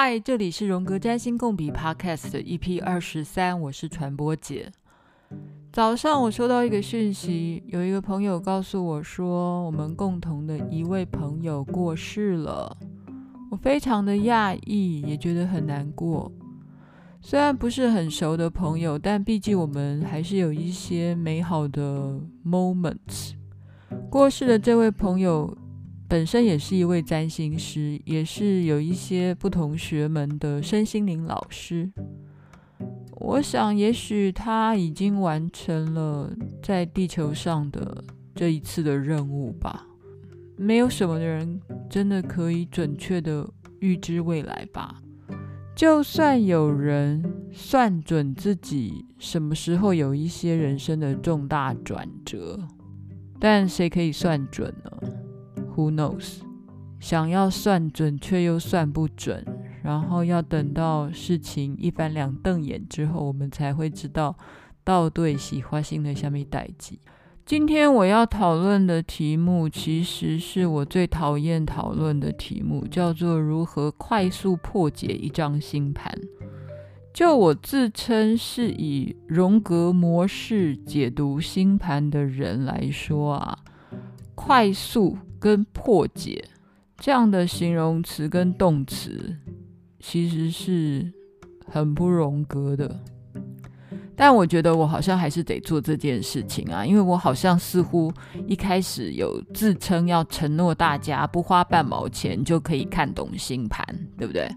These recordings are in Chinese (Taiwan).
嗨，Hi, 這裡是榮格占星共筆 Podcast 的 EP 二十三，我是傳播姐。早上我收到一個訊息，有一個朋友告訴我說，我們共同的一位朋友過世了。我非常的訝異，也覺得很難過。雖然不是很熟的朋友，但畢竟我們還是有一些美好的 moments。過世的這位朋友。本身也是一位占星師，也是有一些不同學門的身心靈老師。我想，也許他已經完成了在地球上的這一次的任務吧。沒有什麼人真的可以準確的預知未來吧。就算有人算準自己什麼時候有一些人生的重大轉折，但誰可以算準呢？Who knows？想要算準卻又算不準，然後要等到事情一翻兩瞪眼之後，我們才會知道，道。倒對，喜歡新的下面代級。今天我要討論的題目，其實是我最討厭討論的題目，叫做如何快速破解一張星盤。就我自稱是以榮格模式解讀星盤的人來說啊，快速。跟破解這樣的形容詞跟動詞，其實是很不榮格的。但我覺得我好像還是得做這件事情啊，因為我好像似乎一開始有自稱要承諾大家不花半毛錢就可以看懂星盤，對不對？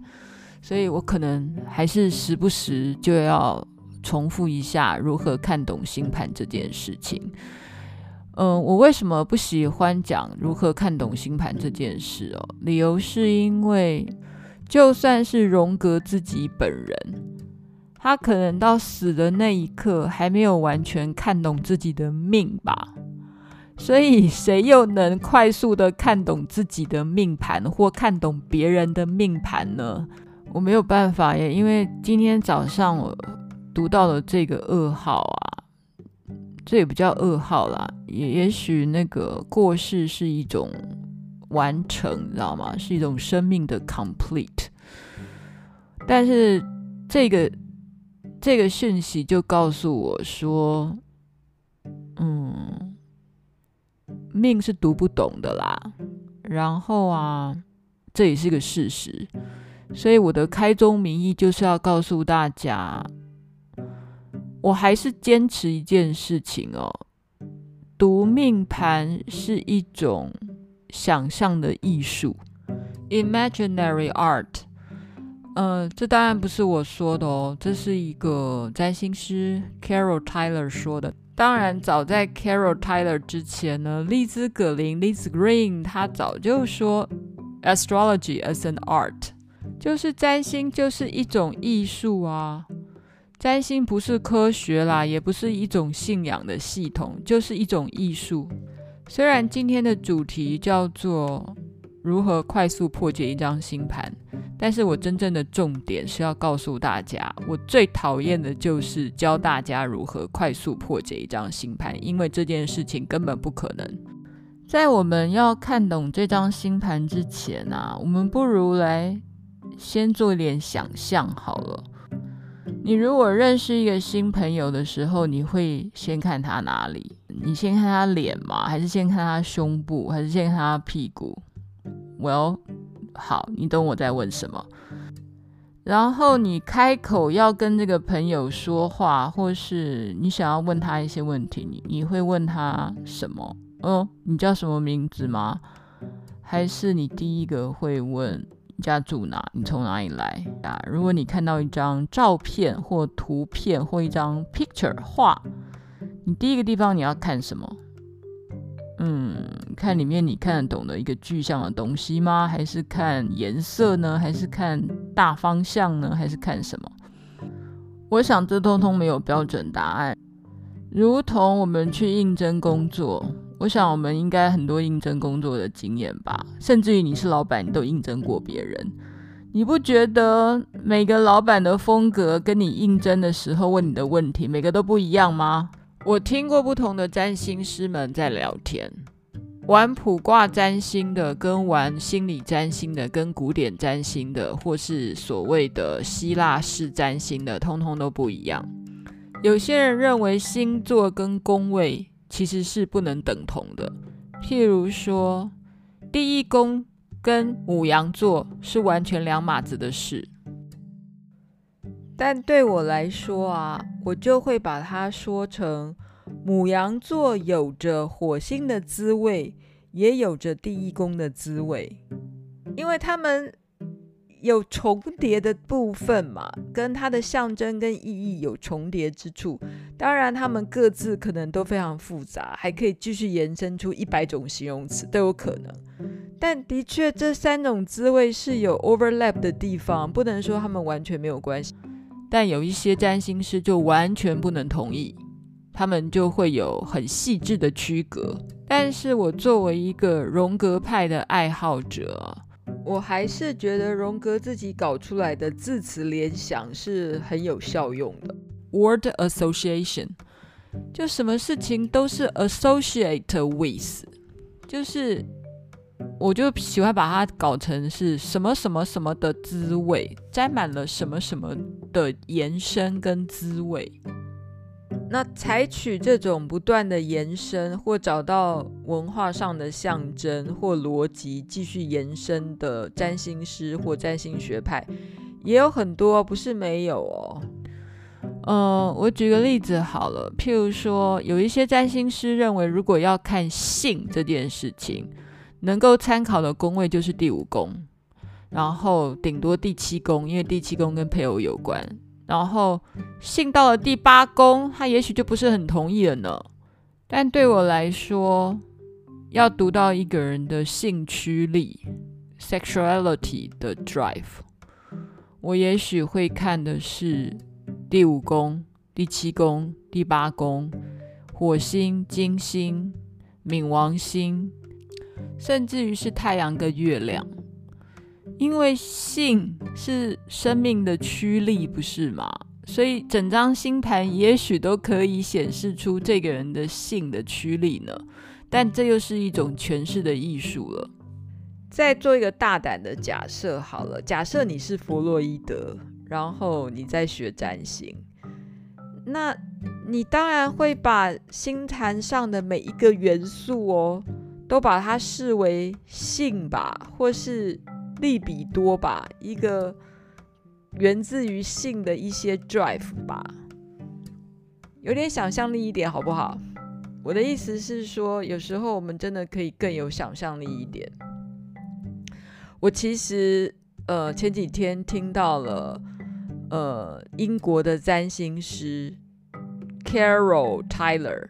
所以我可能還是時不時就要重複一下如何看懂星盤這件事情。嗯，我為什麼不喜歡講如何看懂星盤這件事哦？理由是因為，就算是榮格自己本人，他可能到死的那一刻還沒有完全看懂自己的命吧。所以，誰又能快速的看懂自己的命盤或看懂別人的命盤呢？我沒有辦法耶，因為今天早上我讀到了這個噩耗啊。這也不叫噩耗啦，也也許那個過世是一種完成，你知道嗎？是一種生命的 complete。但是這個這個訊息就告訴我說，嗯，命是讀不懂的啦。然後啊，這也是個事實。所以我的開宗明義就是要告訴大家，我還是堅持一件事情哦，讀命盤是一種想象的藝術 （imaginary art）。呃，這當然不是我說的哦，這是一個占星師 Carol Tyler 說的。當然，早在 Carol Tyler 之前呢，麗茲·葛林 l i Green） 她早就說：“Astrology as an art，就是占星就是一種藝術啊。”佔星不是科學啦，也不是一種信仰的系統，就是一種藝術。雖然今天的主題叫做如何快速破解一張星盤，但是我真正的重點是要告訴大家，我最討厭的就是教大家如何快速破解一張星盤，因為這件事情根本不可能。在我們要看懂這張星盤之前啊，我們不如來先做一點想象好了。你如果認識一個新朋友的時候，你會先看他哪裡？你先看他臉嗎？還是先看他胸部？還是先看他屁股？我、Well, 要好，你懂我在問什麼？然後你開口要跟這個朋友說話，或是你想要問他一些問題，你你會問他什麼？嗯、哦，你叫什麼名字嗎？還是你第一個會問？家住哪？你從哪裡來啊？如果你看到一張照片或圖片或一張 picture 畫，你第一個地方你要看什麼？嗯，看裡面你看得懂的一個具象的東西嗎？還是看顏色呢？還是看大方向呢？還是看什麼？我想這通通沒有標準答案，如同我們去應徵工作。我想，我們應該很多應徵工作的經驗吧，甚至於你是老闆，你都應徵過別人。你不覺得每個老闆的風格跟你應徵的時候問你的問題，每個都不一樣嗎？我聽過不同的占星師們在聊天，玩卜卦占星的，跟玩心理占星的，跟古典占星的，或是所謂的希臘式占星的，通通都不一樣。有些人認為星座跟宮位。其實是不能等同的，譬如說，第一宮跟牡羊座是完全兩碼子的事。但對我來說啊，我就會把它說成，牡羊座有着火星的滋味，也有着第一宮的滋味，因為他們。有重疊的部分嘛，跟它的象徵跟意義有重疊之處。當然，他們各自可能都非常複雜，還可以繼續延伸出一百種形容詞都有可能。但的確，這三種滋味是有 overlap 的地方，不能說他們完全沒有關係。但有一些占星師就完全不能同意，他們就會有很細緻的區隔。但是我作為一個榮格派的愛好者。我還是覺得榮格自己搞出來的字詞聯想是很有效用的，word association，就什麼事情都是 associate with，就是，我就喜歡把它搞成是什麼什麼什麼的滋味，沾滿了什麼什麼的延伸跟滋味。那採取這種不斷的延伸，或找到文化上的象徵，或邏輯繼續延伸的占星師或占星學派，也有很多，不是沒有哦。嗯、呃，我舉個例子好了，譬如說，有一些占星師認為，如果要看性這件事情，能夠參考的宮位就是第五宮，然後頂多第七宮，因為第七宮跟配偶有關。然後性到了第八宮，他也許就不是很同意了呢。但對我來說，要讀到一個人的性驅力 （sexuality 的 drive），我也許會看的是第五宮、第七宮、第八宮、火星、金星、冥王星，甚至於是太陽跟月亮。因為性是生命的驅力，不是嗎？所以整張星盤也許都可以顯示出這個人的性的驅力呢。但這又是一種詮釋的藝術了。再做一個大膽的假設，好了，假設你是弗洛伊德，然後你在學占星，那你當然會把星盤上的每一個元素哦，都把它視為性吧，或是，利比多吧，一個源自於性的一些 drive 吧，有點想象力一點好不好？我的意思是說，有時候我們真的可以更有想象力一點。我其實呃前幾天聽到了呃英國的占星師 Carol Tyler，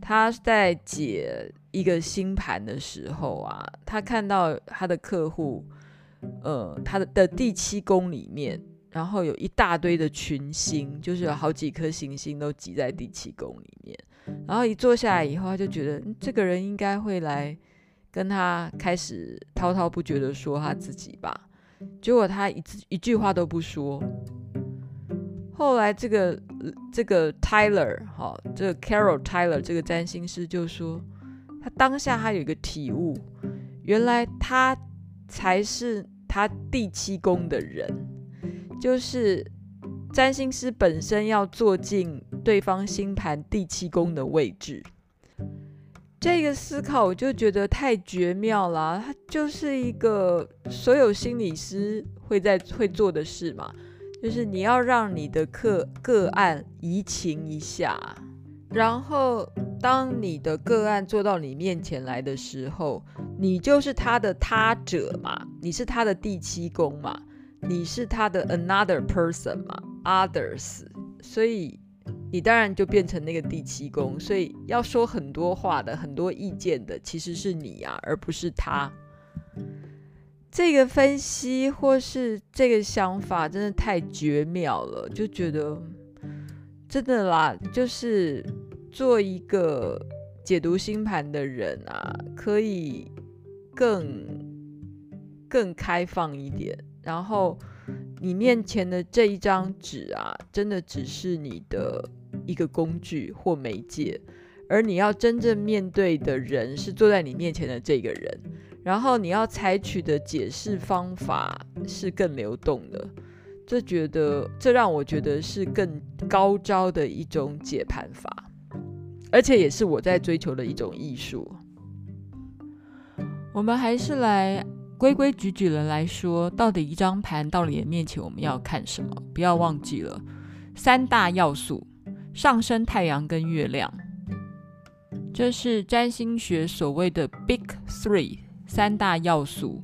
他在解一個星盤的時候啊，他看到他的客戶。呃，他的的第七宮裡面，然後有一大堆的群星，就是有好幾顆行星都擠在第七宮裡面。然後一坐下來以後，他就覺得這個人應該會來跟他開始滔滔不絕的說他自己吧。結果他一一句話都不說。後來這個這個 Tyler 哈，這個 Carol Tyler 這個占星師就說，他當下他有一個體悟，原來他才是。他第七宮的人，就是占星師本身要坐進對方星盤第七宮的位置。這個思考我就覺得太絕妙了，它就是一個所有心理師會在會做的事嘛，就是你要讓你的客個、個案移情一下。然後，當你的個案坐到你面前來的時候，你就是他的他者嘛，你是他的第七宮嘛，你是他的 another person 嘛，others，所以你當然就變成那個第七宮，所以要說很多話的、很多意見的，其實是你啊，而不是他。這個分析或是這個想法，真的太絕妙了，就覺得真的啦，就是。做一個解讀星盤的人啊，可以更更開放一點。然後你面前的這一張紙啊，真的只是你的一個工具或媒介，而你要真正面對的人是坐在你面前的這個人。然後你要採取的解釋方法是更流動的。這覺得，這讓我覺得是更高招的一種解盤法。而且也是我在追求的一種藝術。我們還是來規規矩矩的來說，到底一張盤到了眼面前，我們要看什麼？不要忘記了三大要素：上升太陽跟月亮，這是占星學所謂的 “big three” 三大要素。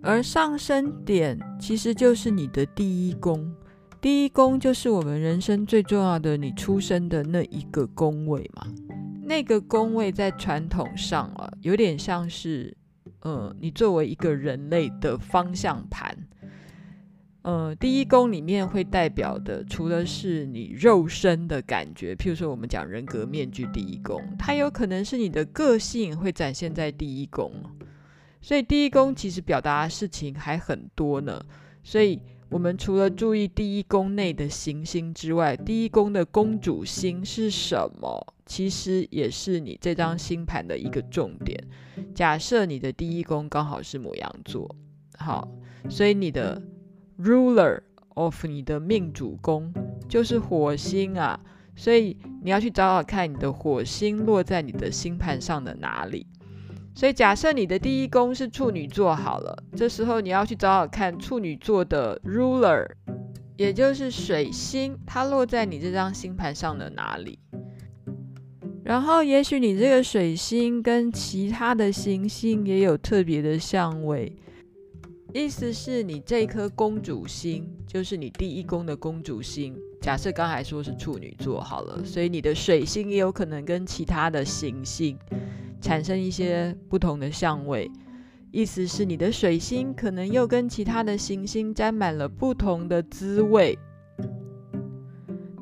而上升點其實就是你的第一宮。第一宮就是我們人生最重要的，你出生的那一個宮位嘛。那個宮位在傳統上啊，有點像是，呃，你作為一個人類的方向盤。呃，第一宮裡面會代表的，除了是你肉身的感覺，譬如說我們講人格面具，第一宮它有可能是你的個性會展現在第一宮。所以第一宮其實表達的事情還很多呢，所以。我們除了注意第一宮內的行星之外，第一宮的宮主星是什麼？其實也是你這張星盤的一個重點。假設你的第一宮剛好是牡羊座，好，所以你的 ruler of 你的命主宮就是火星啊，所以你要去找找看你的火星落在你的星盤上的哪裡。所以，假設你的第一宮是處女座，好了，這時候你要去找找看處女座的 ruler，也就是水星，它落在你這張星盤上的哪裡？然後，也許你這個水星跟其他的行星也有特別的相位，意思是你這顆宮主星，就是你第一宮的宮主星。假設剛才說是處女座好了，所以你的水星也有可能跟其他的行星產生一些不同的相位，意思是你的水星可能又跟其他的行星沾滿了不同的滋味。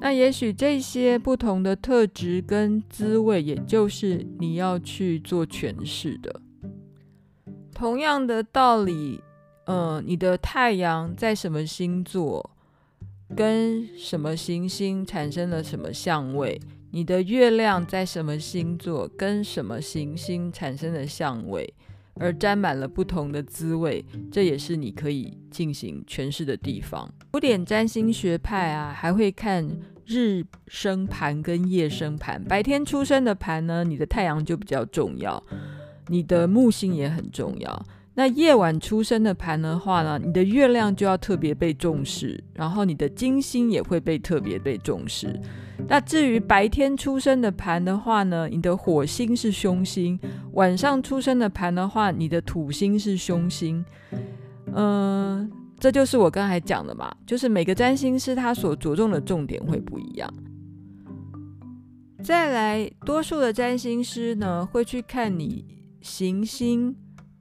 那也許這些不同的特質跟滋味，也就是你要去做詮釋的。同樣的道理，嗯、呃，你的太陽在什麼星座？跟什麼行星產生了什麼相位？你的月亮在什麼星座，跟什麼行星產生了相位，而沾滿了不同的滋味，這也是你可以進行詮釋的地方。古典占星學派啊，還會看日生盤跟夜生盤。白天出生的盤呢，你的太陽就比較重要，你的木星也很重要。那夜晚出生的盤的話呢，你的月亮就要特別被重視，然後你的金星也會被特別被重視。那至於白天出生的盤的話呢，你的火星是凶星；晚上出生的盤的話，你的土星是凶星。嗯、呃，這就是我剛才講的嘛，就是每個占星師他所着重的重點會不一樣。再來，多數的占星師呢會去看你行星。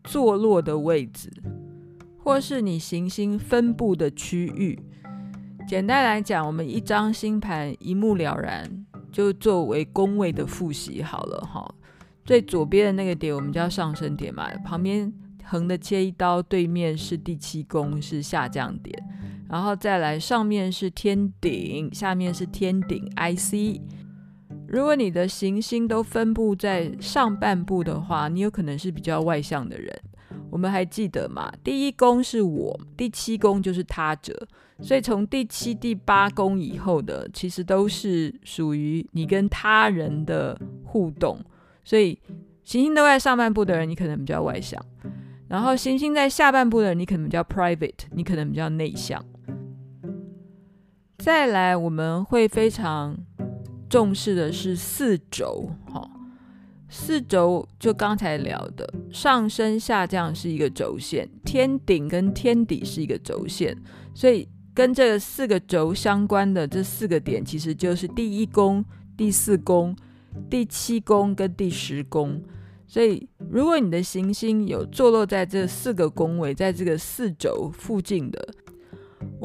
坐落的位置，或是你行星分佈的區域。簡單來講，我們一張星盤一目了然，就作為宮位的複習好了哈。最左邊的那個點，我們叫上升點嘛，旁邊橫的切一刀，對面是第七宮，是下降點。然後再來，上面是天頂，下面是天頂 IC。如果你的行星都分佈在上半部的話，你有可能是比較外向的人。我們還記得嗎？第一宮是我，第七宮就是他者，所以從第七、第八宮以後的，其實都是屬於你跟他人的互動。所以行星都在上半部的人，你可能比較外向；然後行星在下半部的人，你可能比較 private，你可能比較內向。再來我們會非常重視的是四軸，哦，四軸就剛才聊的上升下降是一個軸線，天頂跟天底是一個軸線，所以跟這個四個軸相關的這四個點，其實就是第一宮、第四宮、第七宮跟第十宮。所以，如果你的行星有坐落在這四個宮位，在這個四軸附近的。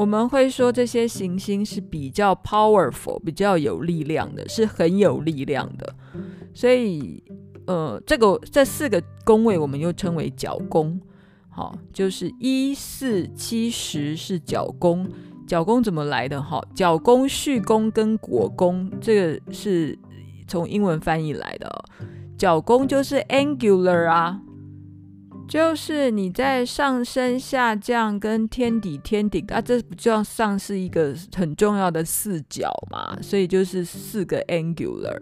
我們會說這些行星是比較 powerful，比較有力量的，是很有力量的。所以，呃，這個這四個宮位我們又稱為角宮，好、哦，就是一四七十是角宮。角宮怎麼來的？哈、哦，角宮、續宮跟果宮，這個是從英文翻譯來的、哦。角宮就是 angular 啊。就是你在上升、下降跟天底，天底、天頂啊，這不就像是一個很重要的四角嘛？所以就是四個 angular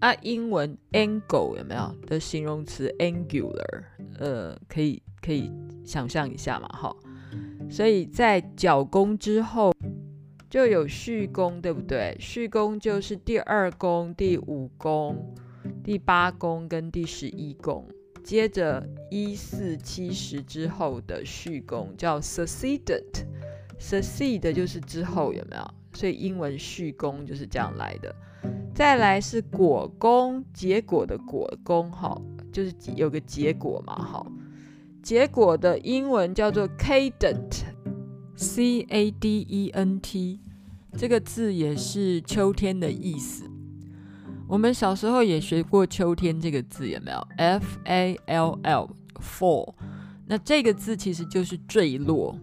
啊，英文 angle 有沒有的形容詞 angular？呃，可以可以想象一下嘛，哈。所以在角宮之後，就有續宮，對不對？續宮就是第二宮、第五宮、第八宮跟第十一宮。接着一四七十之後的續宮叫 succedent，succeed 就是之後有沒有？所以英文續宮就是這樣來的。再來是果宮，結果的果宮，好，就是有個結果嘛，好，結果的英文叫做 cadent，c-a-d-e-n-t，、e、這個字也是秋天的意思。我們小時候也學過“秋天”這個字，有沒有？F A L L，fall。那這個字其實就是墜落，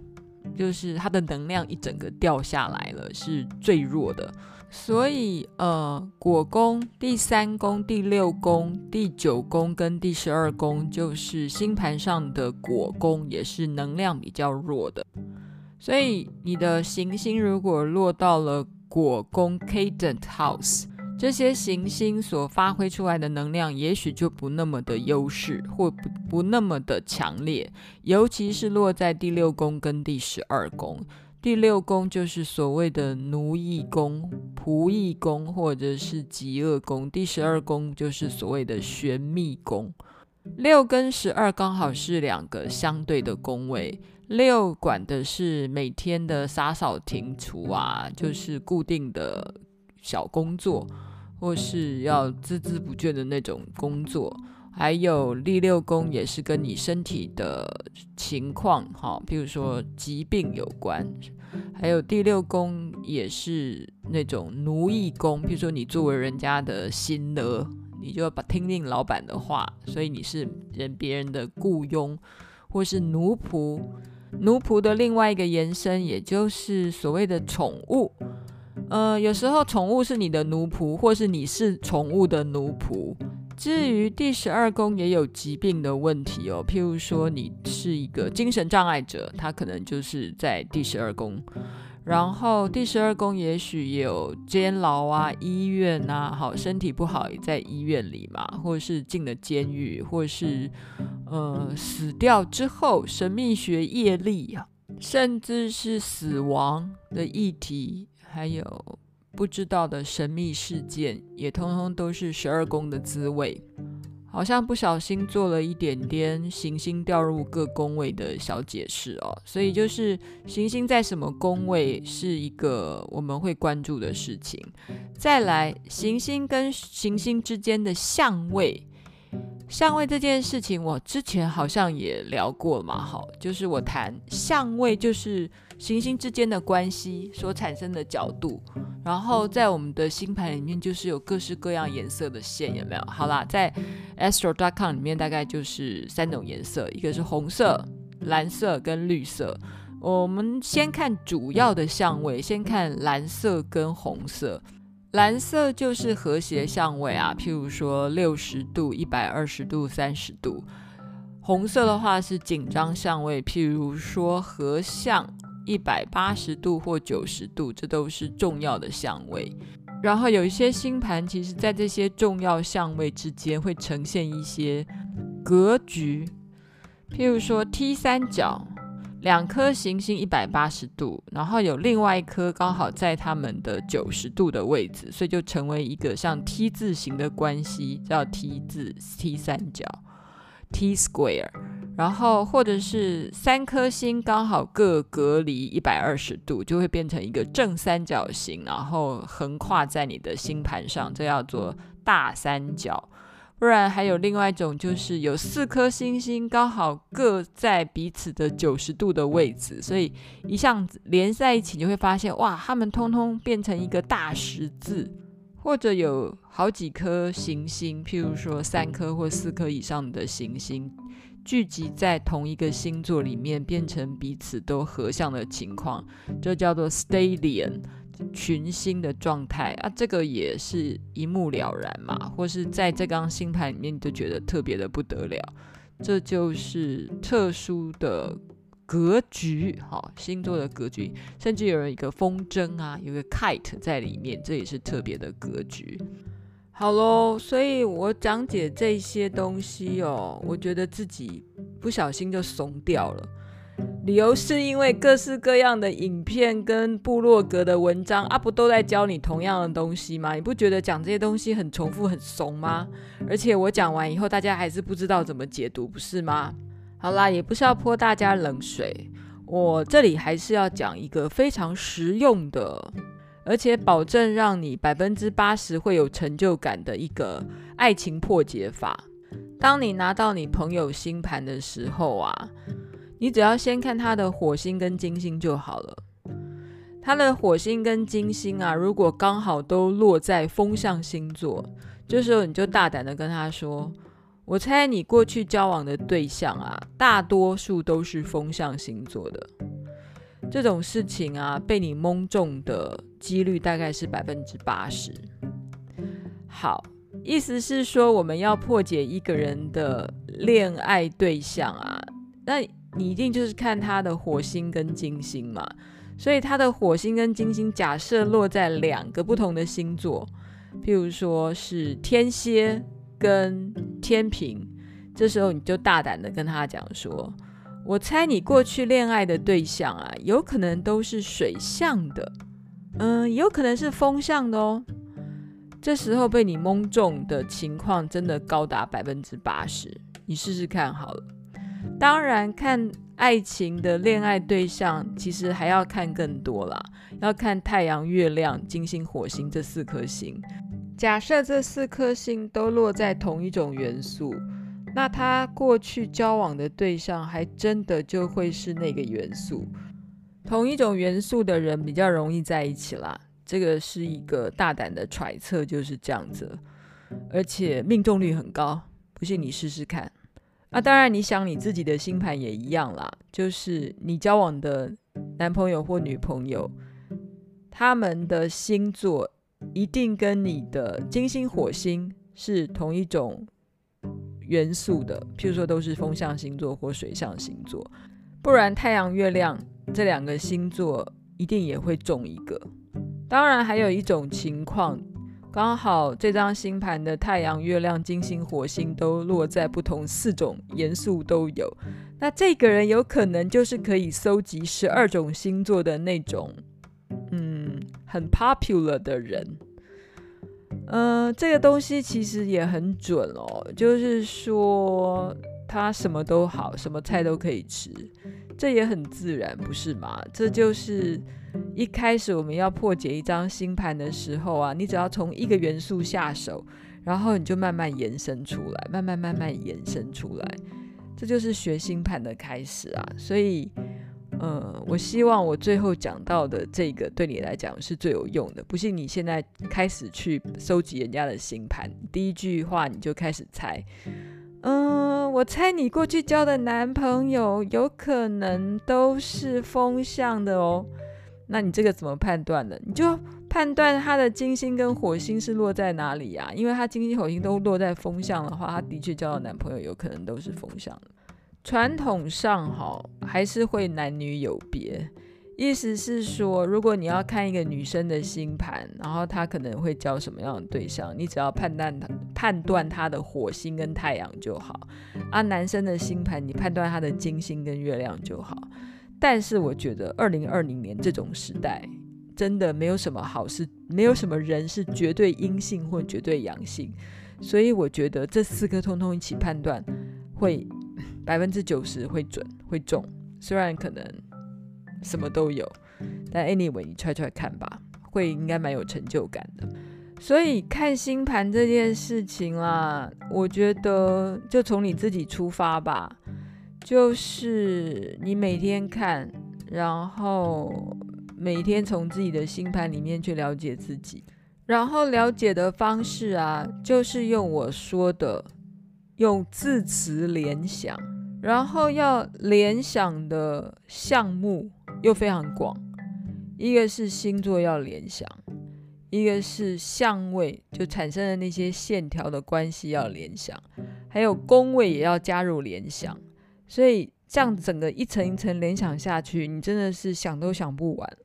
就是它的能量一整個掉下來了，是最弱的。所以，呃，果宮、第三宮、第六宮、第九宮跟第十二宮，就是星盤上的果宮，也是能量比較弱的。所以，你的行星如果落到了果宮 （Cadent House）。這些行星所發揮出來的能量，也許就不那麼的優勢或，或不那麼的強烈，尤其是落在第六宮跟第十二宮。第六宮就是所謂的奴役宮、僕役宮，或者是疾厄宮；第十二宮就是所謂的玄秘宮。六跟十二剛好是兩個相對的宮位，六管的是每天的灑掃庭除啊，就是固定的小工作。或是要孜孜不倦的那種工作，還有第六宮也是跟你身體的情況哈，比如說疾病有關，還有第六宮也是那種奴役宮，比如說你作為人家的心呢，你就要把聽令老闆的話，所以你是人別人的僱傭，或是奴僕。奴僕的另外一個延伸，也就是所謂的寵物。呃，有時候寵物是你的奴僕，或是你是寵物的奴僕。至於第十二宮也有疾病的問題哦，譬如說你是一個精神障礙者，他可能就是在第十二宮。然後第十二宮也許也有監牢啊、醫院吶、啊，好，身體不好也在醫院裡嘛，或是進了監獄，或是呃死掉之後，神秘學業力啊，甚至是死亡的議題。還有不知道的神秘事件，也通通都是十二宮的滋味。好像不小心做了一點點行星掉入各宮位的小解釋哦，所以就是行星在什麼宮位是一個我們會關注的事情。再來，行星跟行星之間的相位，相位這件事情我之前好像也聊過嘛，好，就是我談相位就是。行星之間的關係所產生的角度，然後在我們的星盤裡面就是有各式各樣顏色的線，有沒有？好啦，在 Astro.com 裡面大概就是三種顏色，一個是紅色、藍色跟綠色。我們先看主要的相位，先看藍色跟紅色。藍色就是和諧相位啊，譬如說六十度、一百二十度、三十度。紅色的話是緊張相位，譬如說合相。一百八十度或九十度，這都是重要的相位。然後有一些星盤，其實在這些重要相位之間會呈現一些格局，譬如說 T 三角，兩顆行星一百八十度，然後有另外一顆剛好在它們的九十度的位置，所以就成為一個像 T 字形的關係，叫 T 字 T 三角 T square。然後，或者是三顆星剛好各隔離一百二十度，就會變成一個正三角形，然後橫跨在你的星盤上，這叫做大三角。不然還有另外一種，就是有四顆星星剛好各在彼此的九十度的位置，所以一下子連在一起，你就會發現哇，它們通通變成一個大十字。或者有好幾顆行星，譬如說三顆或四顆以上的行星。聚集在同一個星座裡面，變成彼此都合相的情況，這叫做 stellium 群星的狀態啊，這個也是一目了然嘛，或是在這張星盤裡面你就覺得特別的不得了，這就是特殊的格局，好、哦，星座的格局，甚至有人一個風箏啊，有個 kite 在裡面，這也是特別的格局。好咯，所以我講解這些東西哦，我覺得自己不小心就慫掉了。理由是因為各式各樣的影片跟部落格的文章啊，不都在教你同樣的東西嗎？你不覺得講這些東西很重複、很慫嗎？而且我講完以後，大家還是不知道怎麼解讀，不是嗎？好啦，也不是要潑大家冷水，我這裡還是要講一個非常實用的。而且保證讓你百分之八十會有成就感的一個愛情破解法。當你拿到你朋友星盤的時候啊，你只要先看他的火星跟金星就好了。他的火星跟金星啊，如果剛好都落在風象星座，這時候你就大膽的跟他說：“我猜你過去交往的對象啊，大多數都是風象星座的。”這種事情啊，被你蒙中的幾率大概是百分之八十。好，意思是說我們要破解一個人的戀愛對象啊，那你一定就是看他的火星跟金星嘛。所以他的火星跟金星假設落在兩個不同的星座，譬如說是天蠍跟天秤，這時候你就大膽地跟他講說。我猜你過去戀愛的對象啊，有可能都是水象的，嗯，有可能是風象的哦。這時候被你蒙中的情況，真的高達百分之八十，你試試看好了。當然，看愛情的戀愛對象，其實還要看更多啦，要看太陽、月亮、金星、火星這四顆星。假設這四顆星都落在同一種元素。那他過去交往的對象，還真的就會是那個元素，同一種元素的人比較容易在一起啦。這個是一個大膽的揣測，就是這樣子，而且命中率很高。不信你試試看。啊，當然你想你自己的星盤也一樣啦，就是你交往的男朋友或女朋友，他們的星座一定跟你的金星、火星是同一種。元素的，譬如說都是風象星座或水象星座，不然太陽、月亮這兩個星座一定也會中一個。當然，還有一種情況，剛好這張星盤的太陽、月亮、金星、火星都落在不同，四種元素都有，那這個人有可能就是可以蒐集十二種星座的那種，嗯，很 popular 的人。嗯、呃，這個東西其實也很準哦，就是說它什麼都好，什麼菜都可以吃，這也很自然，不是嗎？這就是一開始我們要破解一張星盤的時候啊，你只要從一個元素下手，然後你就慢慢延伸出來，慢慢慢慢延伸出來，這就是學星盤的開始啊，所以。呃、嗯，我希望我最後講到的這個對你來講是最有用的。不信，你現在開始去收集人家的星盤，第一句話你就開始猜。嗯，我猜你過去交的男朋友有可能都是風向的哦。那你這個怎麼判斷呢？你就判斷他的金星跟火星是落在哪裡呀、啊？因為他金星火星都落在風向的話，他的確交的男朋友有可能都是風向的。傳統上，好，還是會男女有別，意思是說，如果你要看一個女生的星盤，然後她可能會交什麼樣的對象，你只要判斷她判斷她的火星跟太陽就好；啊，男生的星盤，你判斷他的金星跟月亮就好。但是我覺得，二零二零年這種時代，真的沒有什麼好事，沒有什麼人是絕對陰性或絕對陽性，所以我覺得這四個通通一起判斷會。百分之九十會準會中，雖然可能什麼都有，但 anyway 你揣揣看吧，會應該蠻有成就感的。所以看星盤這件事情啦、啊，我覺得就從你自己出發吧，就是你每天看，然後每天從自己的星盤裡面去了解自己，然後了解的方式啊，就是用我說的，用字詞聯想。然後要聯想的項目又非常廣，一個是星座要聯想，一個是相位就產生的那些線條的關係要聯想，還有宮位也要加入聯想，所以這樣整個一層一層聯想下去，你真的是想都想不完。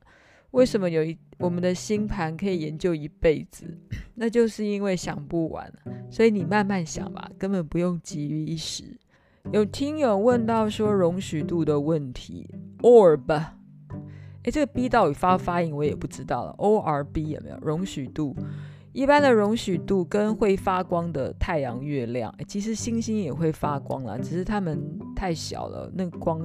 為什麼有一我們的星盤可以研究一輩子，那就是因為想不完，所以你慢慢想吧，根本不用急於一時。有聽友問到說容許度的問題，orb，誒，這個 b 到底發不發音我也不知道了，orb 有沒有容許度？一般的容許度跟會發光的太陽、月亮誒，其實星星也會發光啦，只是它們太小了，那光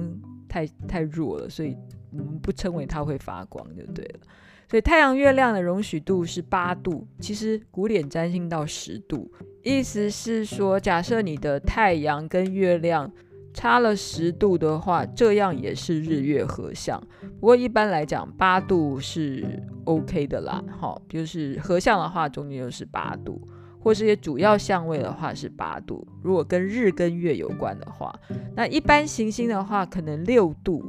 太太弱了，所以我們不稱為它會發光就對了。所以太陽、月亮的容許度是八度，其實古典占星到十度。意思是說，假設你的太陽跟月亮差了十度的話，這樣也是日月合相。不過一般來講，八度是 OK 的啦，哈，就是合相的話，中間就是八度，或是些主要相位的話是八度。如果跟日跟月有關的話，那一般行星的話，可能六度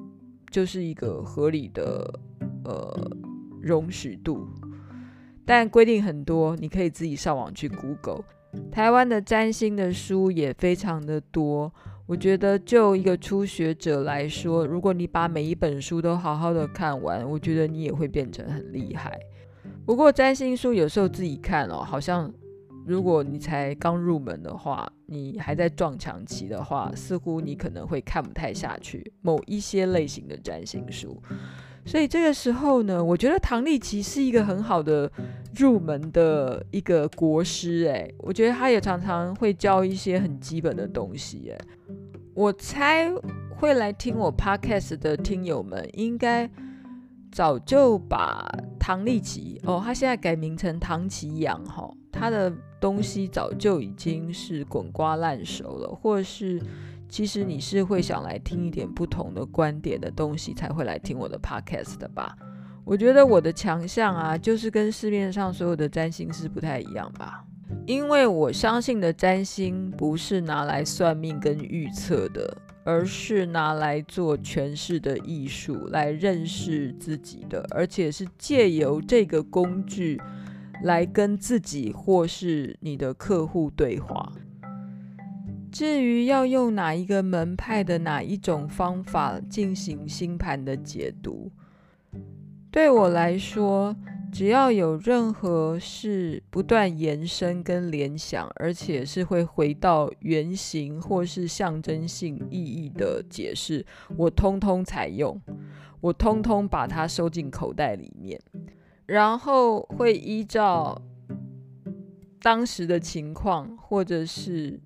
就是一個合理的，呃。容許度，但規定很多，你可以自己上網去 Google。台灣的占星的書也非常的多，我覺得就一個初學者來說，如果你把每一本書都好好的看完，我覺得你也會變成很厲害。不過占星書有時候自己看哦，好像如果你才剛入門的話，你還在撞牆期的話，似乎你可能會看不太下去某一些類型的占星書。所以這個時候呢，我覺得唐立淇是一個很好的入門的一個國師哎、欸，我覺得他也常常會教一些很基本的東西哎、欸，我猜會來聽我 podcast 的聽友們，應該早就把唐立淇哦，他現在改名成唐綺陽哈，他的東西早就已經是滾瓜爛熟了，或者是。其實你是會想來聽一點不同的觀點的東西才會來聽我的 podcast 的吧？我覺得我的強項啊，就是跟市面上所有的占星師不太一樣吧，因為我相信的占星不是拿來算命跟預測的，而是拿來做詮釋的藝術，來認識自己的，而且是借由這個工具來跟自己或是你的客戶對話。至於要用哪一個門派的哪一種方法進行星盤的解讀，對我來說，只要有任何是不斷延伸跟聯想，而且是會回到原型或是象徵性意義的解釋，我通通採用，我通通把它收進口袋裡面，然後會依照當時的情況，或者是，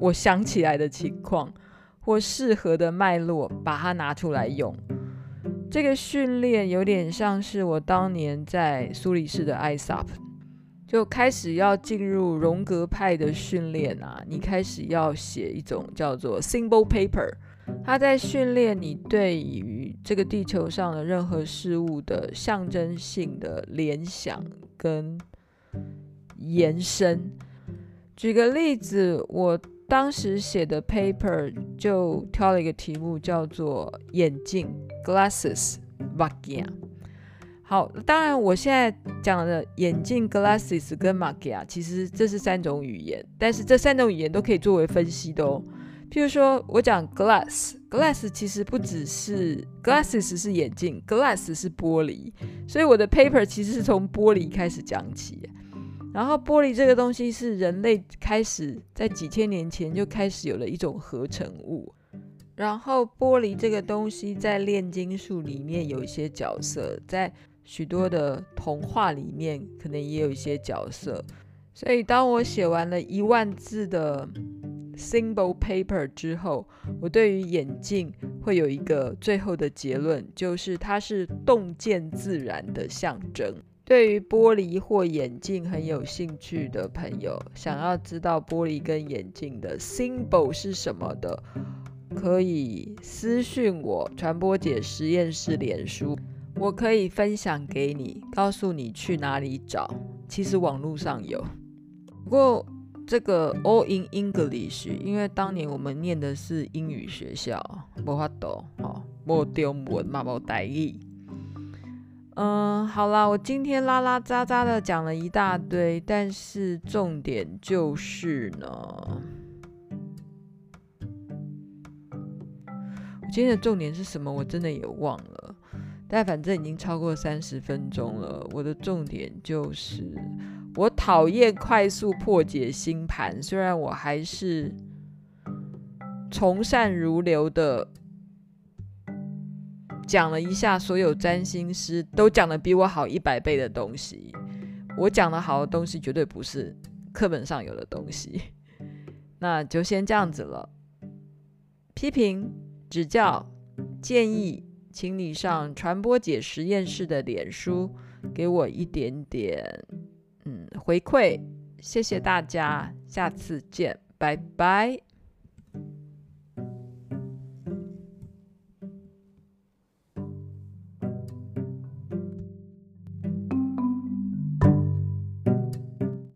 我想起來的情況或適合的脈絡，把它拿出來用。這個訓練有點像是我當年在蘇黎世的 ISUP 就開始要進入榮格派的訓練啊。你開始要寫一種叫做 symbol paper，它在訓練你對於這個地球上的任何事物的象徵性的聯想跟延伸。舉個例子，我。當時寫的 paper 就挑了一個題目，叫做眼鏡 glasses magia。好，當然我現在講的眼鏡 glasses 跟 magia，其實這是三種語言，但是這三種語言都可以作為分析的哦。譬如說我講 glass，glass glass 其實不只是 glasses 是眼鏡，glass 是玻璃，所以我的 paper 其實是從玻璃開始講起。然後玻璃這個東西是人類開始在幾千年前就開始有了一種合成物，然後玻璃這個東西在煉金術裡面有一些角色，在許多的童話裡面可能也有一些角色，所以當我寫完了一萬字的 symbol paper 之後，我對於眼鏡會有一個最後的結論，就是它是洞見自然的象徵。對於玻璃或眼鏡很有興趣的朋友，想要知道玻璃跟眼鏡的 symbol 是什麼的，可以私訊我傳播姐實驗室臉書，我可以分享給你，告訴你去哪裡找。其實網絡上有，不過這個 all in English，因為當年我們念的是英語學校，無法度哦，無中文嘛，無台譯。嗯，好啦，我今天拉拉雜雜的講了一大堆，但是重點就是呢，我今天的重點是什麼？我真的也忘了。但反正已經超過三十分鐘了，我的重點就是，我討厭快速破解星盤，雖然我還是從善如流的。講了一下所有占星師都講得比我好一百倍的東西，我講的好的東西絕對不是課本上有的東西，那就先這樣子了。批評、指教、建議，請你上傳播姐實驗室的臉書，給我一點點嗯回饋，謝謝大家，下次見，拜拜。